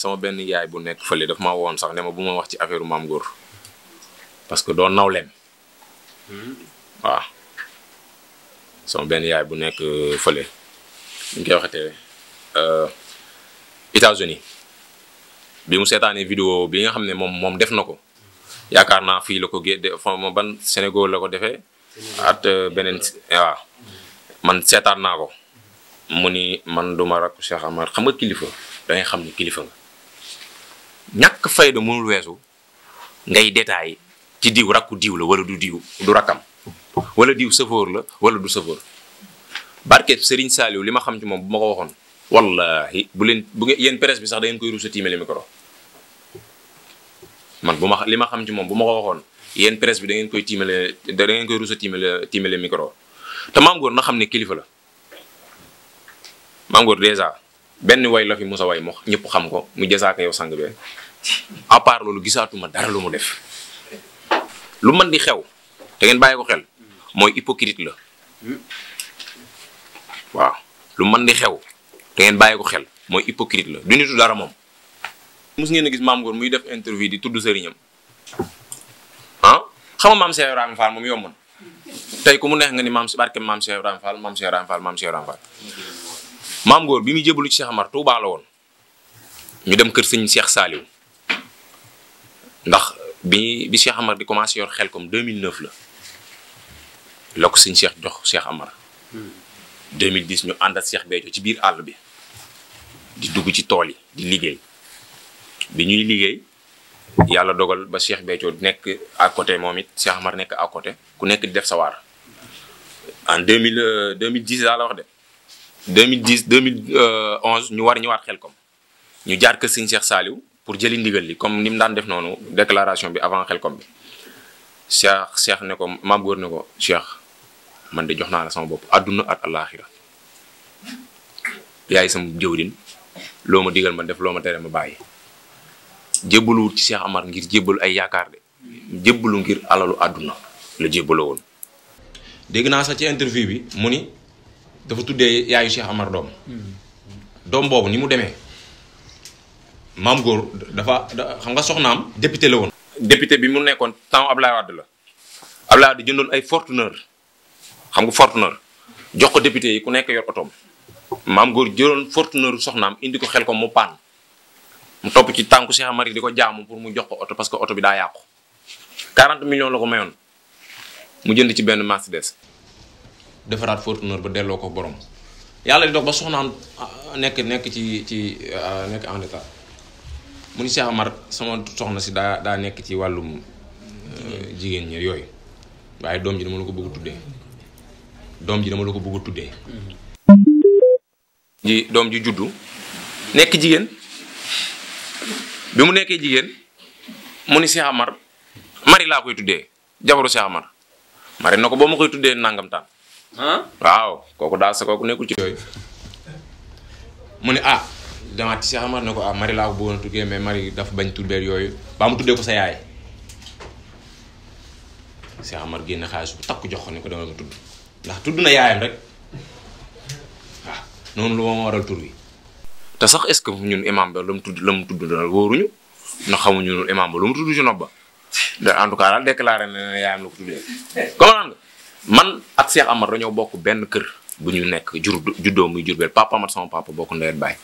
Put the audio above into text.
sama benn yaay bu nekk fële daf ma woon sax ne ma bu ma wax ci affaire maam góor parce que doon naw leen hmm. benn yaay bu nekk euh, fële ñu koy waxatee euh, États-Unis bi mu seetaanee vidéo bi nga xam ne moom moom def na ko yaakaar naa fii la ko gédde ma ban Sénégal la ko defee at euh, beneen waaw man seetaan naa ko mu ni man duma rakk Cheikh Amar xam nga kilifa dangay xam ni kilifa ñàkk fayda mënul weesu ngay détaillé ci diw rakku diw la wala du diw du rakkam wala diw sëfoor la wala du sëfoor barke Serigne Saliou li ma xam ci moom bu ma ko waxoon wallahi bu leen bu ngeen yéen bi sax da koy rusa tiimale micro man bu ma li ma xam ci moom bu ma ko waxoon yéen presse bi da ngeen koy tiimale da ngeen koy rusa tiimale micro te maam góor na xam ne kilifa la maam góor dèjà benn way la fi Moussa way mo ñëpp xam ko mu jësaaka yow sang be à part loolu gisaatuma dara lu mu def lu man di xew te ngeen bàyyi xel mooy hypocrite la waaw lu mën di xew te ngeen xel mooy hypocrite la du nitu dara moom. mus ngeen a gis maam Góor muy def interview di tudd sëriñam ah xam nga maam Cheikh Ibrahima Fall moom yomb na tey ku mu neex nga ni maam si barke maam Cheikh Ibrahima Fall maam Cheikh Ibrahima maam Góor bi mu jébbalu ci Cheikh Amar Touba la woon ñu dem kër sëñ Cheikh Saliou ndax bi bi Cheikh Amar di commencé yor xel comme 2009 la la ko sëñ Cheikh jox Cheikh Amar. 2010 ñu ànd ak seex Béthio ci biir àll bi di dugg ci tool yi di liggéey bi ñuy liggéey yàlla dogal ba Cheikh Béthio nekk à côté moom it Cheikh Amar nekk à côté ku nekk di def sa waar en 2000 2010 daa la wax de. 2010 2011 euh, ñu war ñëwaat xelkom ñu jaar kër sëñ Cheikh pour jëli ndigal li comme ni daan def noonu déclaration bi avant xelkom bi Cheikh Cheikh ne ko maam góor ne ko Cheikh man de jox naa la sama bopp àdduna ak àllaaxira yaay sama jëwrin loo ma digal ma def loo ma tere ma bàyyi jébbalu ci Cheikh Amar ngir jébbalu ay yaakaar de ngir alalu àdduna la jébbaloo woon. dégg naa sax ci interview bi mu ni. dafa tuddee yaayu Cheikh Amar doom doom boobu ni mu demee maam góor dafa xam nga soxnaam député la woon. député bi mu nekkoon temps Ablaye Wade la Ablaye Wade jëndoon ay fortuneur xam nga fortuneur jox ko député yi ku nekk yor otoom maam góor jëloon fortuneur soxnaam indi ko xel ko mu paan mu topp ci tànku Cheikh Amar di ko jaamu pour mu jox ko oto parce que oto bi daa yàqu 40 millions la ko mayoon mu jënd ci benn Mercedes. defaraat Fortuneur ba delloo ko borom yàlla di dox ba soxnaam ah, nekk nekk ci ci ah, nekk en état mu ni Cheikh Amar sama soxna si daa daa nekk ci wàllum euh, jigéen ñi yooyu waaye doom ji dama la ko bëgg tuddee ji dama la ko bëgg tuddee ji doom ji juddu nekk jigéen bi mu nekkee jigéen mu ni Cheikh mari laa koy tuddee jabaru Cheikh Amar mari na ko boo ma koy tuddee nangam taan waaw kooku daal sa kooku nekkul ci yooyu. mu ne ah dama ti Cheikh Amar ko ah Marie laa ko bëggoon a tuddee mais Marie dafa bañ tuddee yooyu ba mu tuddee ko génn xaalis bu takku jox na yaayam lu ma waral tur wi. te sax est-ce que ñun imam ba la mu tudd la mu tudd daal wóoruñu ndax xamuñu imam ba lu mu tudd ci nopp ba en tout cas na yaayam la ko tuddee comprendre nga. man ak Cheikh Amar dañoo bokk benn kër bu ñu nekk jur juddoo muy Jurbel papa Amar sama papa bokk ndeyet baay